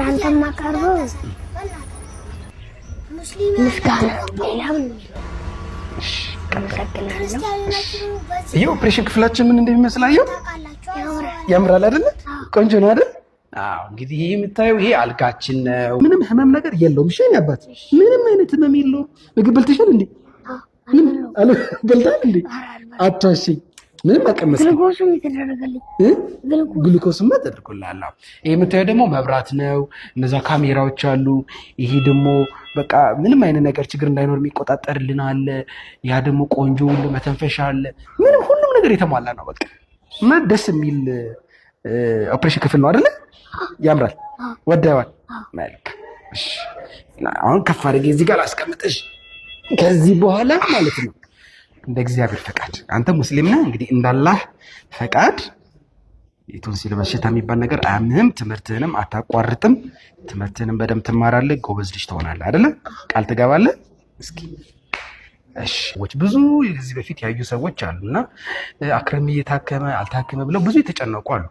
ለአንተ የማቀርበው ምስጋና ኦፕሬሽን ክፍላችን ምን እንደሚመስል ያምራል አይደለ? ቆንጆ ነው አይደል? አዎ። እንግዲህ ይሄ የምታየው ይሄ አልጋችን ነው። ምንም ህመም ነገር የለውም። እሺ እኔ አባት ምንም አይነት ህመም የለውም። ምግብ በልተሻል እንዴ? ምን አለ በልታል እንዴ? አታሽኝ ምንም አቀመስ ግሉኮስም ተደርጎላል። ይህ የምታየው ደግሞ መብራት ነው። እነዛ ካሜራዎች አሉ። ይሄ ደግሞ በቃ ምንም አይነት ነገር ችግር እንዳይኖር የሚቆጣጠርልን አለ። ያ ደግሞ ቆንጆ ሁሉ መተንፈሻ አለ። ምንም ሁሉም ነገር የተሟላ ነው። በቃ እና ደስ የሚል ኦፕሬሽን ክፍል ነው አይደለ? ያምራል። ወደዋል። መልክ አሁን ከፍ አድርጌ እዚህ ጋር አስቀምጥሽ ከዚህ በኋላ ማለት ነው እንደ እግዚአብሔር ፈቃድ አንተ ሙስሊም ነህ እንግዲህ እንዳላህ ፈቃድ የቶንሲል በሽታ የሚባል ነገር አያምህም። ትምህርትህንም አታቋርጥም። ትምህርትህንም በደንብ ትማራለህ። ጎበዝ ልጅ ትሆናለህ አደለ ቃል ትገባለህ። እስኪ እሺ። ብዙ ከዚህ በፊት ያዩ ሰዎች አሉና አክረም እየታከመ አልታከመ ብለው ብዙ የተጨነቁ አሉ።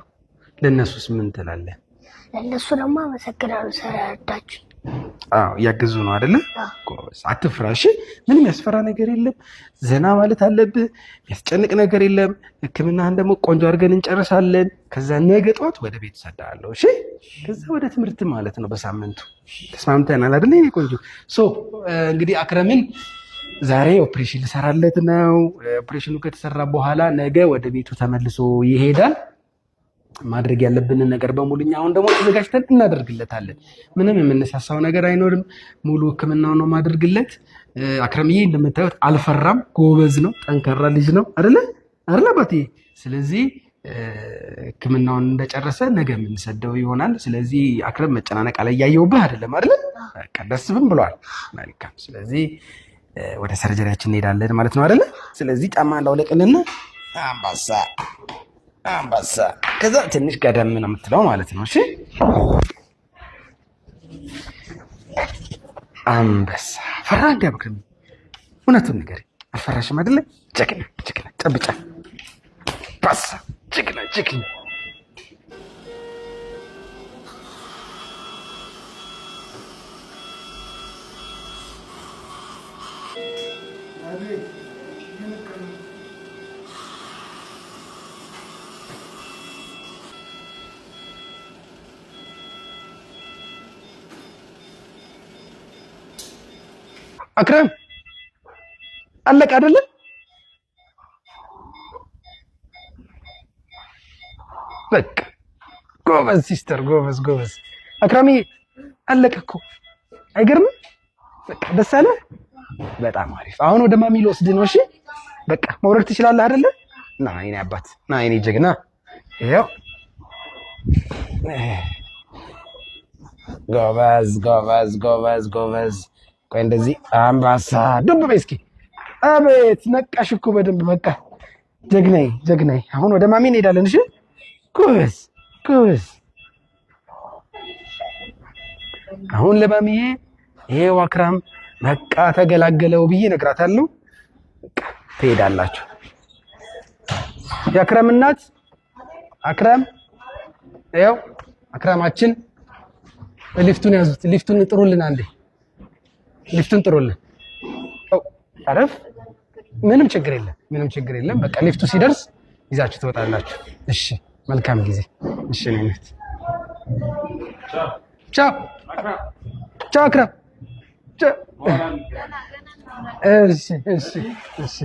ለእነሱስ ምን ትላለህ? ለእነሱ ደግሞ አመሰግናሉ ስለረዳችሁ አዎ እያገዙ ነው አይደለ? አትፍራ። እሺ ምንም ያስፈራ ነገር የለም። ዘና ማለት አለብህ። የሚያስጨንቅ ነገር የለም። ሕክምናህን ደግሞ ቆንጆ አድርገን እንጨርሳለን። ከዛ ነገ ጠዋት ወደ ቤት ሰዳለሁ። እሺ ከዛ ወደ ትምህርት ማለት ነው። በሳምንቱ ተስማምተናል አይደለ? የእኔ ቆንጆ ሶ እንግዲህ አክረምን ዛሬ ኦፕሬሽን ልሰራለት ነው። ኦፕሬሽኑ ከተሰራ በኋላ ነገ ወደ ቤቱ ተመልሶ ይሄዳል። ማድረግ ያለብንን ነገር በሙሉ እኛ አሁን ደግሞ ተዘጋጅተን እናደርግለታለን። ምንም የምነሳሳው ነገር አይኖርም። ሙሉ ሕክምናው ነው ማድርግለት። አክረምዬ እንደምታዩት አልፈራም። ጎበዝ ነው፣ ጠንካራ ልጅ ነው አይደለ አይደለ ባቴ። ስለዚህ ሕክምናውን እንደጨረሰ ነገ የምንሰደው ይሆናል። ስለዚህ አክረም መጨናነቅ አለያየውብህ አይደለም አይደለ? በቃ ብሏል። መልካም። ስለዚህ ወደ ሰርጀሪያችን እንሄዳለን ማለት ነው አይደለ? ስለዚህ ጫማ እንዳውለቅልና አንባሳ አንባሳ ከዛ ትንሽ ቀደም ነው የምትለው ማለት ነው። እሺ አንበሳ ፈራ እንዲያበክርም እውነቱን ንገሪ። አልፈራሽም አይደለ? ጀግና ጀግና ጨብጫ ባሳ ጀግና ጀግና አክረም አለቀ አይደለ? በቃ ጎበዝ ሲስተር፣ ጎበዝ ጎበዝ። አክረሜ አለቀ እኮ አይገርምም? በቃ ደስ አለ። በጣም አሪፍ። አሁን ወደ ማሚ ልወስድ ነው። እሺ በቃ መውረድ ትችላለህ አይደለ? ና የኔ አባት፣ ና የኔ ጀግና። ይኸው ጎበዝ ጎበዝ ጎበዝ ጎበዝ ቆይ እንደዚህ አምባሳ ዱብ በይ እስኪ። አቤት ነቃሽ እኮ በደንብ በቃ ጀግናይ ጀግናይ። አሁን ወደ ማሚ እንሄዳለን። እሺ ኩስ ኩስ። አሁን ለማሚዬ ይሄው አክራም በቃ ተገላገለው ብዬ እነግራታለሁ። ትሄዳላችሁ። የአክራም እናት አክራም ያው አክራማችን ሊፍቱን ያዙት፣ ሊፍቱን ጥሩልን አንዴ ሊፍቱን ጥሩልን። አረፍ ምንም ችግር የለም፣ ምንም ችግር የለም። በቃ ሊፍቱ ሲደርስ ይዛችሁ ትወጣላችሁ። እሺ፣ መልካም ጊዜ። እሺ፣ ነኝት። ቻው ቻው፣ አክረም። እሺ፣ እሺ፣ እሺ